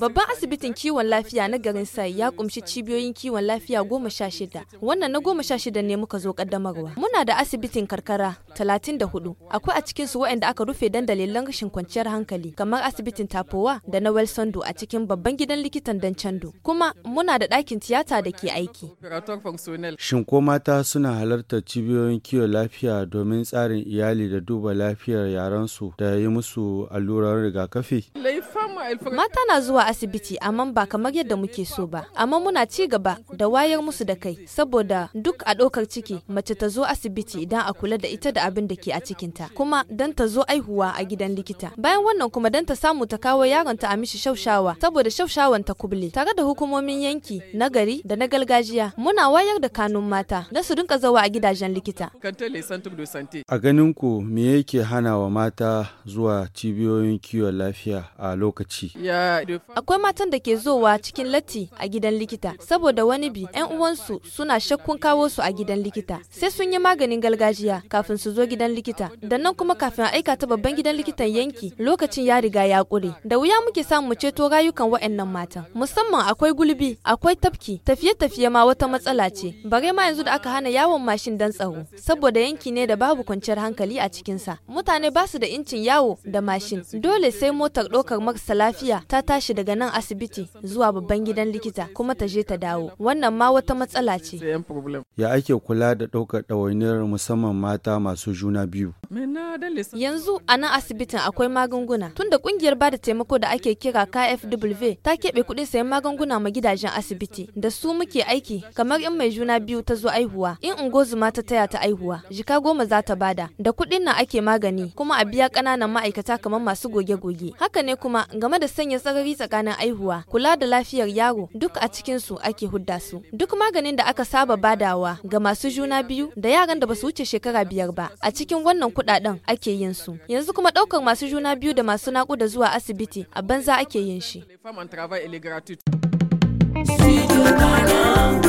Babban asibitin kiwon lafiya na garin Sai ya kumshi cibiyoyin kiwon lafiya goma sha shida. Wannan na goma sha shida ne muka zo kaddamarwa. Muna da asibitin karkara talatin da hudu. Akwai a cikin su waɗanda aka rufe dan dalilan rashin kwanciyar hankali kamar asibitin tafowa da na Welsondo a cikin babban gidan likitan dan Dancando. Kuma muna da ɗakin tiyata da ke aiki. Shin ko mata suna halartar cibiyoyin kiwon lafiya domin tsarin iyali da duba lafiyar yaransu da yi musu allurar rigakafi? Mata na zuwa asibiti amma ba kamar yadda muke so ba, amma muna ci gaba da wayar musu da kai saboda duk a ɗaukar ciki mace ta zo asibiti idan a kula da ita da abin da ke a cikinta, kuma dan ta zo aihuwa a gidan likita. Bayan wannan kuma dan ta samu ta kawo yaronta a mishi shaushawa saboda shaushawan ta kuble. Tare da hukumomin yanki na gari da na gargajiya muna wayar da kanun mata don su dinka zawa a gidajen likita. A ganin ku me yake hana wa mata zuwa cibiyoyin kiwon lafiya a lokacin lokaci. Akwai matan da ke zowa cikin latti a gidan likita saboda wani bi 'yan uwansu suna shakkun kawo su a gidan likita sai sun yi maganin gargajiya kafin su zo gidan likita da nan kuma kafin a aika ta babban gidan likitan yanki lokacin ya riga ya ƙure da wuya muke samu ceto rayukan wa'annan matan musamman akwai gulbi akwai tafki tafiye-tafiye ma wata matsala ce bare ma yanzu da aka hana yawon mashin dan tsaro saboda yanki ne da babu kwanciyar hankali a cikinsa mutane ba su da incin yawo da mashin dole sai motar ɗaukar marasa marasa lafiya ta tashi daga nan asibiti zuwa babban gidan likita kuma ta je ta dawo wannan ma wata matsala ce ya ake kula da ɗaukar ɗawainiyar musamman mata masu juna biyu yanzu a nan asibitin akwai magunguna tunda kungiyar ba da taimako da ake kira kfw ta keɓe kuɗin sayan magunguna ma gidajen asibiti da su muke aiki kamar in mai juna biyu ta zo aihuwa in ungozuma ta taya ta aihuwa jika goma za ta bada da kuɗin nan ake magani kuma a biya ƙananan ma'aikata kamar masu goge-goge haka ne kuma game da sanya sarari tsakanin aihuwa kula da lafiyar yaro duk a cikin su ake hudda su duk maganin da aka saba badawa ga masu juna biyu da yaran da basu wuce shekara biyar ba a cikin wannan kudaden ake yin su yanzu kuma daukar masu juna biyu da masu nakuda zuwa asibiti a banza ake yin shi Studio Banana.